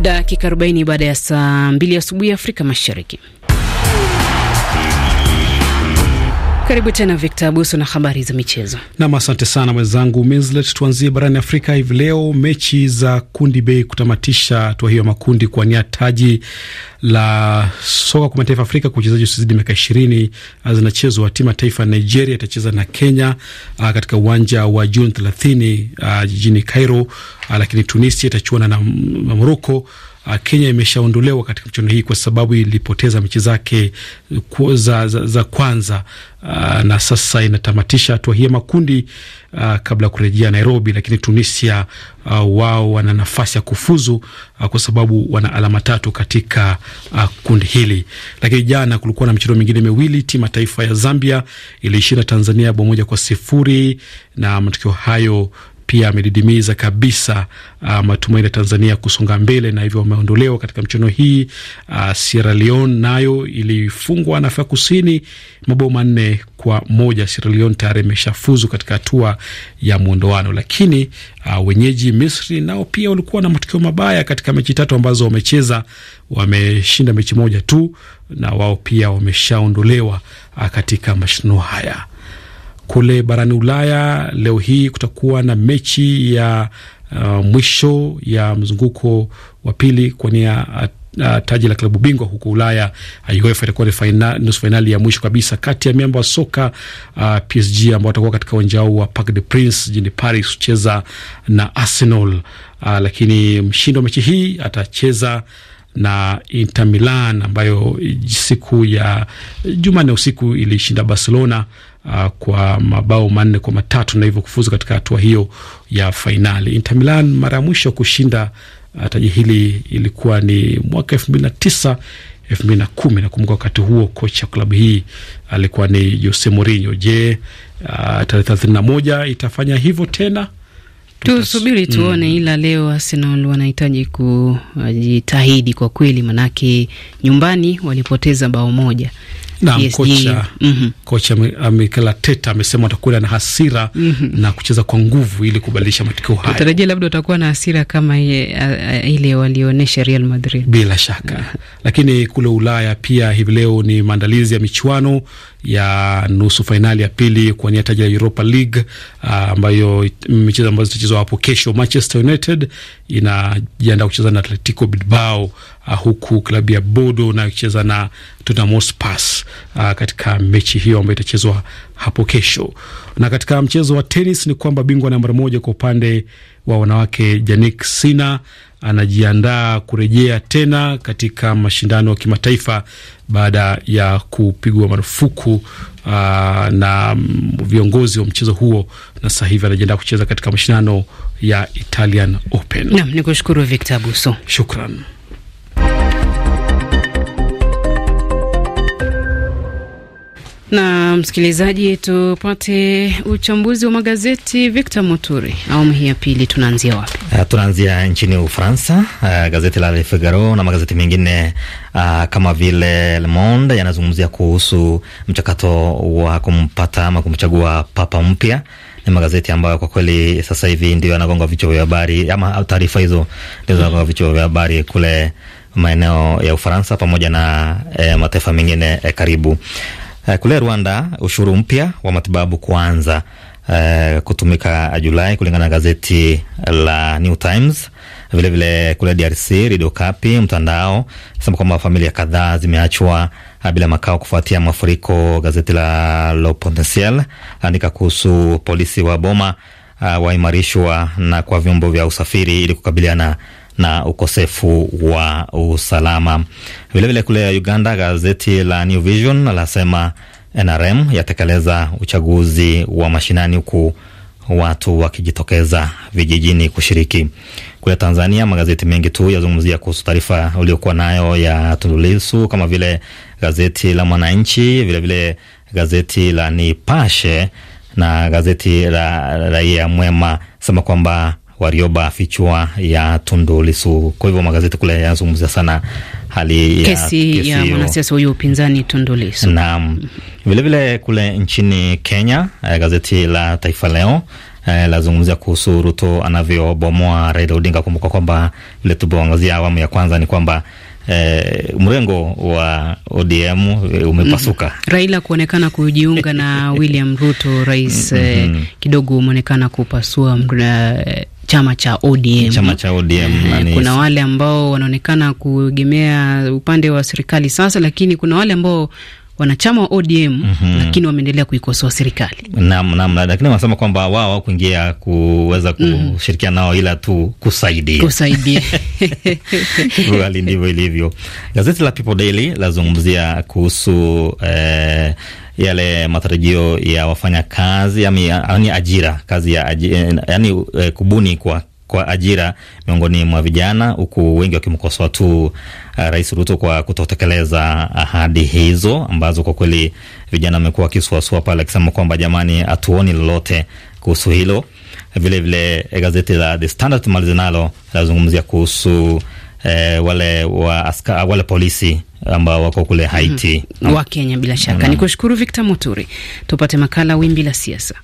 dakika 40 baada ya saa 2 asubuhi Afrika Mashariki. Karibu tena Victor Abuso na habari za michezo. Nam, asante sana mwenzangu Minslet. Tuanzie barani Afrika hivi leo, mechi za kundi bei kutamatisha hatua hiyo ya makundi kuwania taji la soka kwa mataifa Afrika kwa uchezaji usizidi miaka ishirini ah, zinachezwa. Timu ya taifa Nigeria itacheza na Kenya a, ah, katika uwanja wa Juni thelathini ah, jijini Cairo, lakini Tunisia itachuana na Moroko Uh, Kenya imeshaondolewa katika michuano hii kwa sababu ilipoteza mechi zake uh, za, za, za kwanza aa, uh, na sasa inatamatisha hatua hii ya makundi aa, kabla ya kurejea Nairobi. Lakini Tunisia wao wana nafasi ya kufuzu aa, kwa sababu wana alama tatu katika aa, kundi hili. Lakini jana kulikuwa na michezo mingine miwili, timu taifa ya Zambia iliishinda Tanzania bao moja kwa sifuri na matokeo hayo pia amedidimiza kabisa uh, matumaini ya Tanzania kusonga mbele na hivyo wameondolewa katika mchono hii. Uh, Sierra Leone nayo ilifungwa na Afrika Kusini mabao manne kwa moja. Sierra Leone tayari imeshafuzu katika hatua ya mwondoano, lakini uh, wenyeji Misri nao pia walikuwa na matokeo mabaya katika mechi tatu ambazo wamecheza, wameshinda mechi moja tu, na wao pia wameshaondolewa uh, katika mashindano haya. Kule barani Ulaya leo hii kutakuwa na mechi ya uh, mwisho ya mzunguko wa pili kwa nia uh, uh, taji la klabu bingwa huko Ulaya uh, UEFA itakuwa ni nusu fainali ya mwisho kabisa kati ya miamba wa soka uh, PSG ambao watakuwa katika uwanja wa Parc des Princes jijini Paris kucheza na Arsenal uh, lakini mshindi wa mechi hii atacheza na Inter Milan ambayo siku ya Jumanne usiku ilishinda Barcelona uh, kwa mabao manne kwa matatu na hivyo kufuzu katika hatua hiyo ya fainali. Inter Milan mara ya mwisho kushinda uh, taji hili ilikuwa ni mwaka elfu mbili na tisa elfu mbili na kumi. Nakumbuka wakati huo kocha wa klabu hii alikuwa ni Jose Mourinho. Je, uh, tarehe thelathini na moja itafanya hivyo tena? Tusubiri mm. tuone mm. Ila leo Arsenal wanahitaji kujitahidi kwa kweli, manake nyumbani walipoteza bao moja Naam, kocha, mm -hmm. kocha Mikel Arteta amesema atakuwa na hasira mm -hmm. na kucheza kwa nguvu ili kubadilisha matokeo hayo. Tutarajia labda watakuwa na hasira kama ye, a, a, ile walionyesha Real Madrid bila shaka. Mhm. Lakini kule Ulaya pia hivi leo ni maandalizi ya michuano ya nusu fainali ya pili kuwania taji la Europa League ah, ambayo michezo ambazo zitachezwa hapo kesho. Manchester United inajiandaa kucheza na Atletico Bilbao ah, huku klabu ya Bodo nayocheza na Tottenham Hotspur ah, katika mechi hiyo ambayo itachezwa hapo kesho. Na katika mchezo wa tenis ni kwamba bingwa namba moja kwa upande wa wanawake Jannik Sinner anajiandaa kurejea tena katika mashindano ya kimataifa baada ya kupigwa marufuku uh, na viongozi wa mchezo huo, na sasa hivi anajiandaa kucheza katika mashindano ya Italian Open. Naam, nikushukuru Victor Buso, shukran. na msikilizaji, tupate uchambuzi wa magazeti. Victor Moturi, awamu hii ya pili tunaanzia wapi? Uh, tunaanzia nchini Ufaransa. Uh, gazeti la Le Figaro na magazeti mengine uh, kama vile Le Monde yanazungumzia kuhusu mchakato wa kumpata ama kumchagua papa mpya ni magazeti ambayo kwa kweli sasa hivi ndio yanagonga vichwa vya habari ama taarifa hizo ndio zinagonga vichwa vya habari kule maeneo ya Ufaransa pamoja na e, mataifa mengine e, karibu. Uh, kule Rwanda ushuru mpya wa matibabu kuanza uh, kutumika Julai kulingana na gazeti la New Times. Vile vile kule DRC Radio Kapi mtandao sema kwamba familia kadhaa zimeachwa eh, bila makao kufuatia mafuriko. Gazeti la Le Potentiel andika kuhusu polisi wa Boma uh, waimarishwa na kwa vyombo vya usafiri ili kukabiliana na ukosefu wa usalama. Vilevile kule Uganda, gazeti la New Vision lasema NRM yatekeleza uchaguzi wa mashinani huku watu wakijitokeza vijijini kushiriki. Kule Tanzania magazeti mengi tu yazungumzia kuhusu taarifa uliokuwa nayo ya Tundu Lissu, kama vile gazeti la Mwananchi, vilevile gazeti la Nipashe na gazeti la Raia Mwema sema kwamba Warioba fichua ya Tundu Lisu. Kwa hivyo magazeti kule yanazungumzia sana hali ya, kesi ya mwanasiasa huyo upinzani Tundu Lissu. Naam, vilevile kule nchini Kenya eh, gazeti la Taifa Leo eh, lazungumzia kuhusu Ruto anavyobomoa Raila Odinga. Kumbuka kwamba vile tulivyoangazia awamu ya kwanza ni kwamba Eh, mrengo wa ODM umepasuka. mm -hmm. Raila kuonekana kujiunga na William Ruto rais, mm -hmm. eh, mm-hmm. kidogo umeonekana kupasua mre, eh, chama cha ODM, chama cha ODM eh, kuna wale ambao wanaonekana kuegemea upande wa serikali sasa, lakini kuna wale ambao wanachama wa ODM mm -hmm. Lakini wameendelea kuikosoa serikali naam, naam, lakini wanasema kwamba wao kuingia kuweza mm. kushirikiana nao ila tu kusaidia kusaidia. ndivyo ilivyo. Gazeti la People Daily lazungumzia kuhusu eh, yale matarajio ya wafanya kazi yani ajira kazi ya ajira, eh, yani e, kubuni kwa kwa ajira miongoni mwa vijana huku wengi wakimkosoa tu uh, Rais Ruto kwa kutotekeleza ahadi hizo ambazo kwa kweli vijana wamekuwa wakisuasua pale, akisema kwamba jamani, hatuoni lolote kuhusu hilo. Vilevile gazeti la The Standard malizi lazungumzia kuhusu eh, wale wa aska, wale polisi ambao wako kule mhm. Haiti mm, no. wa Kenya bila shaka ni kushukuru Victor Muturi, tupate makala wimbi la siasa.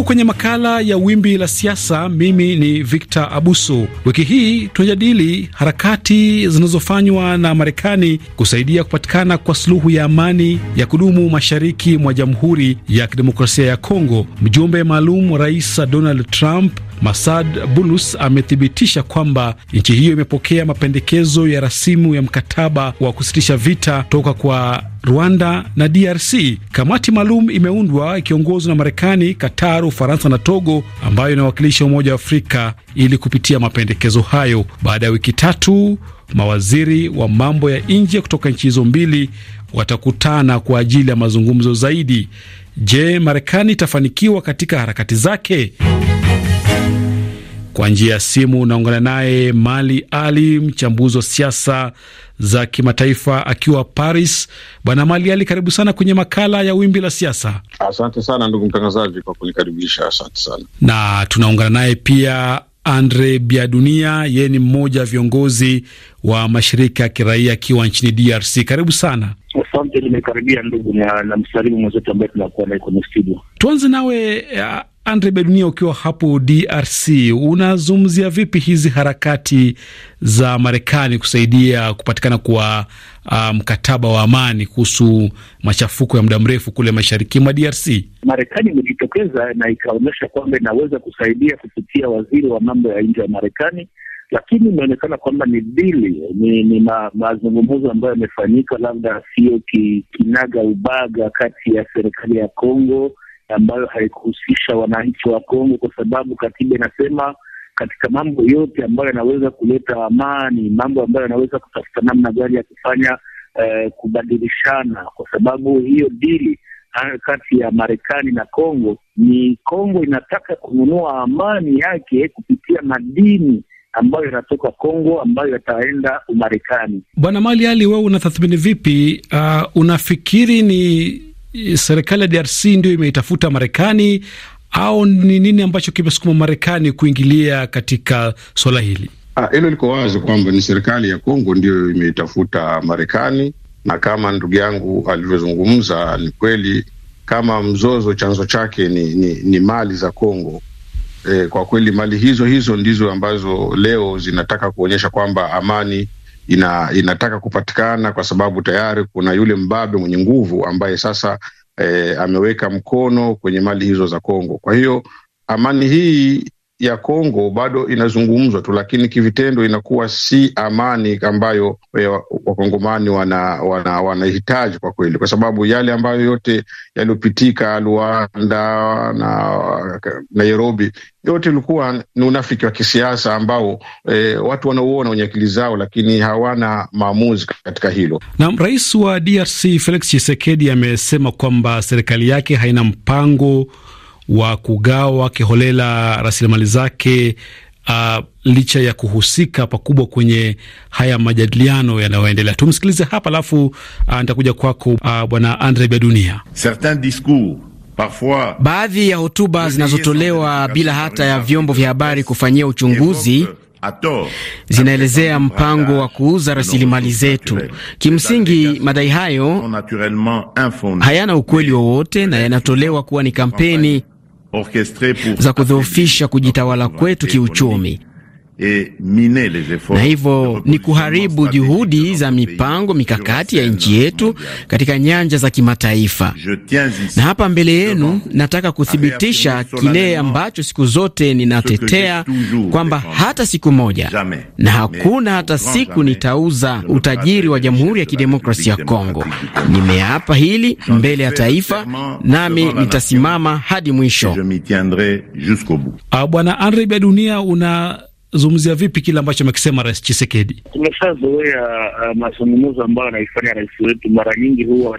Karibu kwenye makala ya wimbi la siasa. Mimi ni Victor Abuso. Wiki hii tunajadili harakati zinazofanywa na Marekani kusaidia kupatikana kwa suluhu ya amani ya kudumu mashariki mwa Jamhuri ya Kidemokrasia ya Kongo. Mjumbe maalum wa Rais Donald Trump Masad Bulus amethibitisha kwamba nchi hiyo imepokea mapendekezo ya rasimu ya mkataba wa kusitisha vita toka kwa Rwanda na DRC. Kamati maalum imeundwa ikiongozwa na Marekani, Qatar, Ufaransa na Togo ambayo inawakilisha Umoja wa Afrika ili kupitia mapendekezo hayo. Baada ya wiki tatu, mawaziri wa mambo ya nje kutoka nchi hizo mbili watakutana kwa ajili ya mazungumzo zaidi. Je, Marekani itafanikiwa katika harakati zake? Kwa njia ya simu unaungana naye Mali Ali, mchambuzi wa siasa za kimataifa akiwa Paris. Bwana Mali Ali, karibu sana kwenye makala ya Wimbi la Siasa. Asante sana ndugu mtangazaji kwa kunikaribisha. Asante sana. Na tunaungana naye pia Andre Biadunia, yeye ni mmoja wa viongozi wa mashirika ya kiraia akiwa nchini DRC. Karibu sana. Asante, nimekaribia ndugu na, na msalimu mwenzetu ambaye tunakuwa naye kwenye studio. Tuanze nawe eh, Andre Bedunia, ukiwa hapo DRC, unazungumzia vipi hizi harakati za Marekani kusaidia kupatikana kwa ah, mkataba um, wa amani kuhusu machafuko ya muda mrefu kule mashariki mwa DRC? Marekani imejitokeza na ikaonyesha kwamba inaweza kusaidia kupitia waziri wa mambo ya nje ya Marekani, lakini imeonekana kwamba ni dili ni, ni ma, mazungumzo ambayo yamefanyika labda sio kinaga ubaga kati ya serikali ya Kongo ambayo haikuhusisha wananchi wa Kongo, kwa sababu katiba inasema katika mambo yote ambayo yanaweza kuleta amani, mambo ambayo yanaweza kutafuta namna gani ya kufanya eh, kubadilishana, kwa sababu hiyo dili ah, kati ya Marekani na Kongo ni Kongo inataka kununua amani yake kupitia madini ambayo yanatoka Kongo ambayo yataenda Umarekani. Bwana Mali Ali, wewe unatathmini vipi? Uh, unafikiri ni serikali ya DRC ndio imeitafuta Marekani au ni nini ambacho kimesukuma Marekani kuingilia katika swala hili? Ah, hilo liko wazi kwamba ni serikali ya Kongo ndiyo imeitafuta Marekani, na kama ndugu yangu alivyozungumza ni kweli, kama mzozo chanzo chake ni, ni, ni mali za Kongo. E, kwa kweli mali hizo hizo ndizo ambazo leo zinataka kuonyesha kwamba amani ina, inataka kupatikana kwa sababu tayari kuna yule mbabe mwenye nguvu ambaye sasa eh, ameweka mkono kwenye mali hizo za Kongo. Kwa hiyo amani hii ya Kongo bado inazungumzwa tu, lakini kivitendo inakuwa si amani ambayo eh, wakongomani wanahitaji wana, wana kwa kweli, kwa sababu yale ambayo yote yaliyopitika Luanda na Nairobi yote ilikuwa ni unafiki wa kisiasa ambao e, watu wanauona wenye akili zao, lakini hawana maamuzi katika hilo. Na rais wa DRC Felix Tshisekedi amesema kwamba serikali yake haina mpango wa kugawa kiholela rasilimali zake uh, licha ya kuhusika pakubwa kwenye haya majadiliano yanayoendelea. Tumsikilize hapa alafu uh, nitakuja kwako uh, bwana Andre Bedunia. Baadhi ya hotuba zinazotolewa bila hata ya vyombo vya habari kufanyia uchunguzi zinaelezea mpango wa kuuza rasilimali zetu. Kimsingi, madai hayo hayana ukweli wowote na yanatolewa kuwa ni kampeni za kudhoofisha kujitawala kwetu kiuchumi E na hivyo ni kuharibu juhudi za mipango mikakati ya nchi yetu katika nyanja za kimataifa. Na hapa mbele yenu nataka kuthibitisha kile ambacho siku zote ninatetea kwamba hata siku moja na hakuna hata siku nitauza utajiri wa Jamhuri ya Kidemokrasia ya Kongo. Nimeapa hili mbele ya taifa, nami nitasimama hadi mwisho. Ah, Bwana Andre Bedunia, una zungumzia vipi kile ambacho amekisema Rais Chisekedi? Tumeshazoea uh, mazungumzo ambayo anaifanya rais wetu, mara nyingi huwa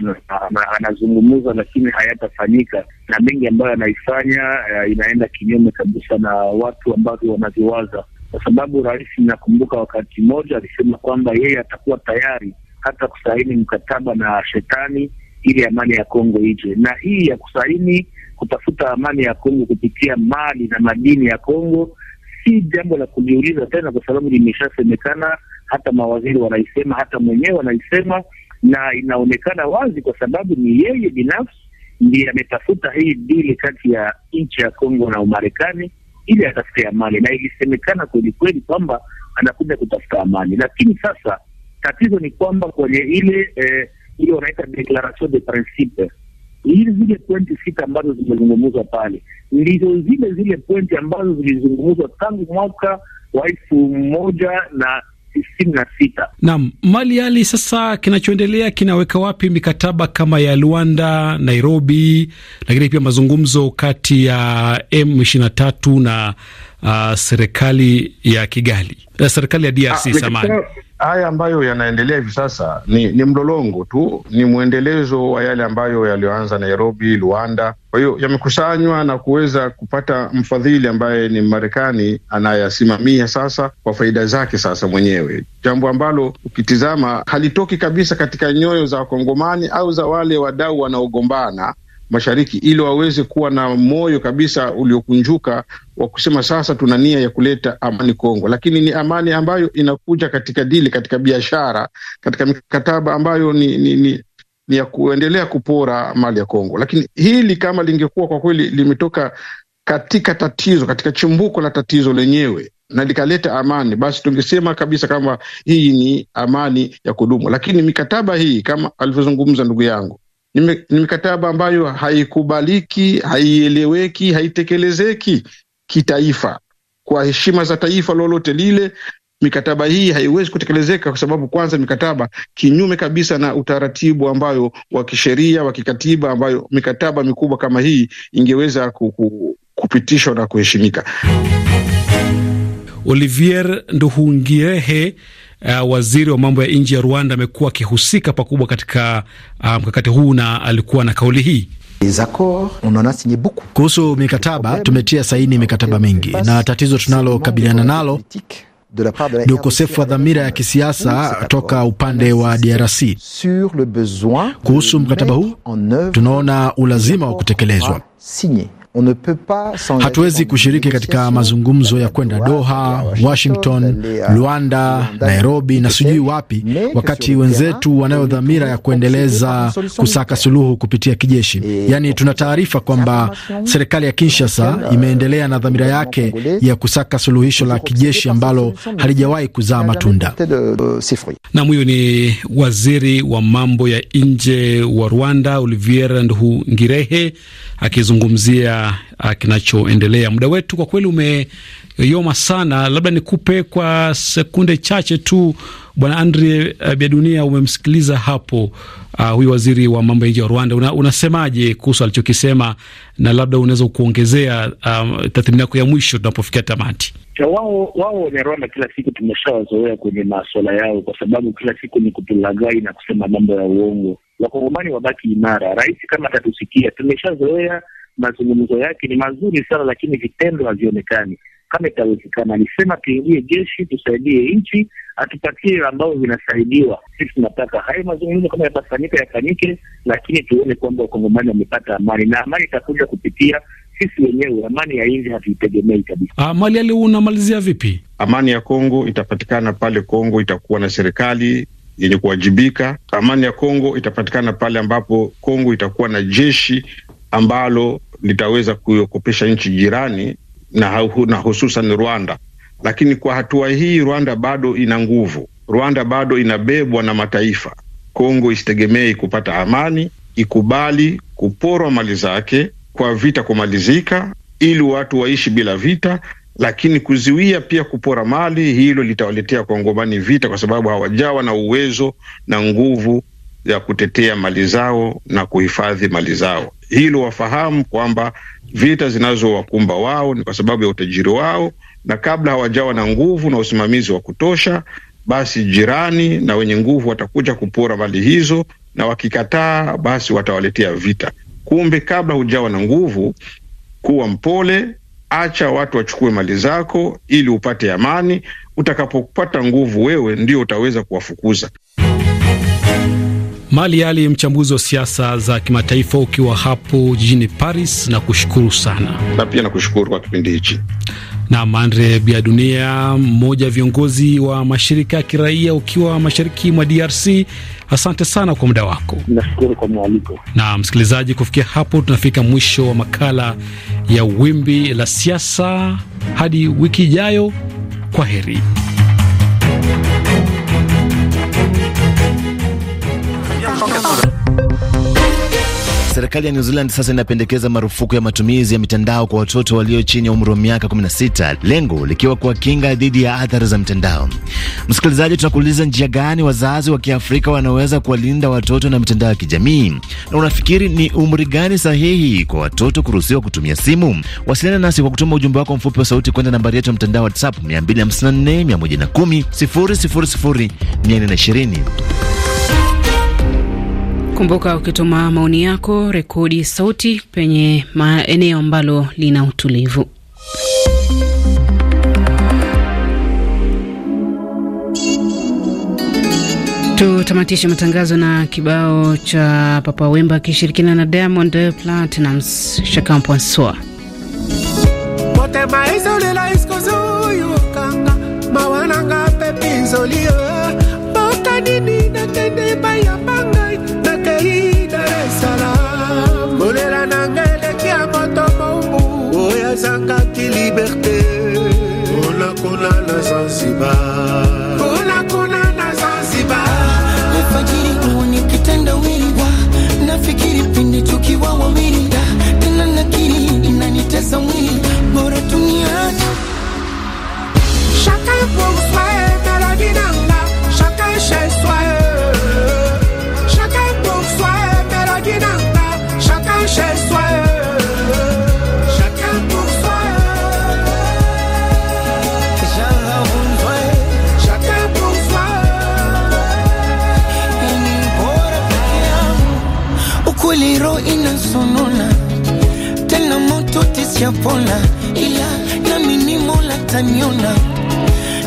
anazungumza lakini hayatafanyika, na mengi ambayo anaifanya uh, inaenda kinyume kabisa na watu ambavyo wanavyowaza, kwa sababu rais, nakumbuka wakati mmoja alisema kwamba yeye atakuwa tayari hata kusaini mkataba na shetani ili amani ya Kongo ije, na hii ya kusaini kutafuta amani ya Kongo kupitia mali na madini ya Kongo si jambo la kujiuliza tena, kwa sababu limeshasemekana, hata mawaziri wanaisema, hata mwenyewe wanaisema, na inaonekana wazi, kwa sababu ni yeye binafsi ndiye ametafuta hii dili kati ya nchi ya Kongo na Umarekani ili atafute amani, na ilisemekana kweli kweli kwamba anakuja kutafuta amani. Lakini sasa tatizo ni kwamba kwenye ile eh, ile wanaita declaration de principe hizi zile pointi sita ambazo zimezungumzwa pale ndizo zile zile pointi ambazo zilizungumzwa tangu mwaka wa elfu moja na tisini na sita. Naam, Mali hali sasa kinachoendelea kinaweka wapi mikataba kama ya Luanda, Nairobi, lakini pia mazungumzo kati ya M ishirini na tatu na uh, serikali ya Kigali, uh, serikali ya ah, DRC samani. Haya ambayo yanaendelea hivi sasa ni, ni mlolongo tu, ni mwendelezo wa yale ambayo yaliyoanza Nairobi, Luanda. Kwa hiyo yamekusanywa na kuweza kupata mfadhili ambaye ni Marekani anayasimamia sasa kwa faida zake sasa mwenyewe, jambo ambalo ukitizama halitoki kabisa katika nyoyo za Wakongomani au za wale wadau wanaogombana Mashariki ili waweze kuwa na moyo kabisa uliokunjuka wa kusema sasa tuna nia ya kuleta amani Kongo, lakini ni amani ambayo inakuja katika dili, katika biashara, katika mikataba ambayo ni, ni, ni, ni ya kuendelea kupora mali ya Kongo. Lakini hili kama lingekuwa kwa kweli limetoka katika tatizo, katika chimbuko la tatizo lenyewe na likaleta amani, basi tungesema kabisa kama hii ni amani ya kudumu. Lakini mikataba hii kama alivyozungumza ndugu yangu ni mikataba ambayo haikubaliki, haieleweki, haitekelezeki kitaifa kwa heshima za taifa lolote lile. Mikataba hii haiwezi kutekelezeka kwa sababu kwanza, mikataba kinyume kabisa na utaratibu ambayo wa kisheria wa kikatiba ambayo mikataba mikubwa kama hii ingeweza kupitishwa na kuheshimika. Olivier Nduhungirehe uh, waziri wa mambo ya nje ya Rwanda amekuwa akihusika pakubwa katika mkakati um, huu na alikuwa na kauli hii kuhusu mikataba. Tumetia saini mikataba mingi, na tatizo tunalokabiliana nalo ni ukosefu wa dhamira ya kisiasa toka upande wa DRC. Kuhusu mkataba huu, tunaona ulazima wa kutekelezwa. Hatuwezi kushiriki katika mazungumzo ya kwenda Doha, Washington, Luanda, Nairobi na sijui wapi, wakati wenzetu wanayo dhamira ya kuendeleza kusaka suluhu kupitia kijeshi. Yaani, tuna taarifa kwamba serikali ya Kinshasa euh, imeendelea na dhamira yake ya kusaka suluhisho la kijeshi ambalo halijawahi kuzaa matunda. Nam, huyu ni waziri wa mambo ya nje wa Rwanda Olivier Nduhungirehe akizungumzia uh, kinachoendelea. Muda wetu kwa kweli umeyoma sana, labda nikupe kwa sekunde chache tu, Bwana Andre uh, Biadunia, umemsikiliza hapo uh, huyu waziri wa mambo ya nje wa Rwanda. Una, unasemaje kuhusu alichokisema na labda unaweza kuongezea um, tathmini yako ya mwisho tunapofikia tamati? Wao wao wenye Rwanda, kila siku tumeshawazoea kwenye maswala yao, kwa sababu kila siku ni kutulagai na kusema mambo ya uongo. Wakongomani wabaki imara. Rais kama atatusikia, tumeshazoea mazungumzo yake ni mazuri sana, lakini vitendo havionekani kama itawezekana. Alisema tuingie jeshi, tusaidie nchi, atupatie ambao vinasaidiwa. Sisi tunataka hayo mazungumzo kama yatafanyika yafanyike, lakini tuone kwamba wakongomani wamepata amani, na amani itakuja kupitia sisi wenyewe. Amani ya nje hatuitegemei kabisa. Ah, mali ali, unamalizia vipi? Amani ya Kongo itapatikana pale Kongo itakuwa na serikali yenye kuwajibika. Amani ya Kongo itapatikana pale ambapo Kongo itakuwa na jeshi ambalo litaweza kuiokopesha nchi jirani na, na hususan Rwanda. Lakini kwa hatua hii Rwanda bado ina nguvu, Rwanda bado inabebwa na mataifa. Kongo isitegemei kupata amani, ikubali kuporwa mali zake kwa vita kumalizika, ili watu waishi bila vita, lakini kuziwia pia kupora mali, hilo litawaletea Kongomani vita, kwa sababu hawajawa na uwezo na nguvu ya kutetea mali zao na kuhifadhi mali zao hilo wafahamu kwamba vita zinazowakumba wao ni kwa sababu ya utajiri wao, na kabla hawajawa na nguvu na usimamizi wa kutosha, basi jirani na wenye nguvu watakuja kupora mali hizo, na wakikataa, basi watawaletea vita. Kumbe kabla hujawa na nguvu, kuwa mpole, acha watu wachukue mali zako ili upate amani. Utakapopata nguvu, wewe ndio utaweza kuwafukuza. Mali Ali, mchambuzi wa siasa za kimataifa, ukiwa hapo jijini Paris, na kushukuru sana. Na pia nakushukuru kwa kipindi hichi. Nam Andre Bia Dunia, mmoja viongozi wa mashirika ya kiraia ukiwa mashariki mwa DRC, asante sana kwa muda wako. Nashukuru kwa mwaliko. Na msikilizaji, kufikia hapo tunafika mwisho wa makala ya Wimbi la Siasa. Hadi wiki ijayo, kwa heri. Serikali ya New Zealand sasa inapendekeza marufuku ya matumizi ya mitandao kwa watoto walio chini ya umri wa miaka 16, lengo likiwa kuwakinga dhidi ya athari za mitandao. Msikilizaji, tunakuuliza njia gani wazazi wa Kiafrika wanaweza kuwalinda watoto na mitandao ya kijamii, na unafikiri ni umri gani sahihi kwa watoto kuruhusiwa kutumia simu? Wasiliana nasi kwa kutuma ujumbe wako mfupi wa sauti kwenda nambari yetu ya mtandao WhatsApp 254 110 000 420. Kumbuka ukituma maoni yako, rekodi sauti penye maeneo ambalo lina utulivu. Tutamatishe matangazo na kibao cha Papa Wemba akishirikiana na Diamond Platnumz, Chacun Zanzibar. pola, ila nami ni Mola taniona,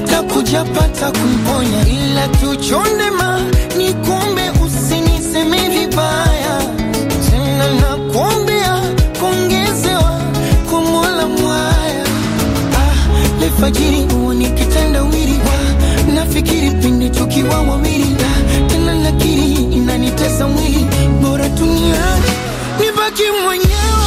takuja pata kumponya, ila tuchonde ma ni kuombe, usiniseme vibaya tena, na nakuombea kuongezewa kwa Mola mwaya. Ah, lefajiri uwa ni kitanda wiri wa nafikiri pindi tukiwa wawili, ah, tena nakiri inanitesa mwili, bora tunia nibaki mwenyewe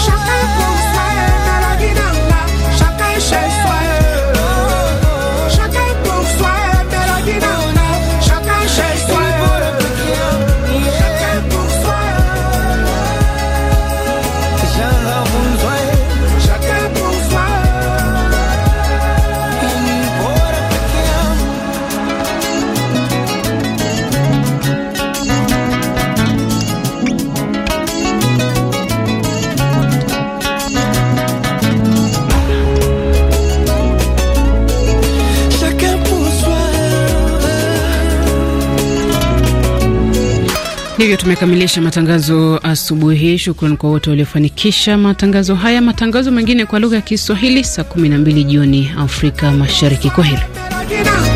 Hivyo tumekamilisha matangazo asubuhi. shukran kwa wote waliofanikisha matangazo haya. Matangazo mengine kwa lugha ya Kiswahili saa 12 jioni Afrika Mashariki. Kwa heri.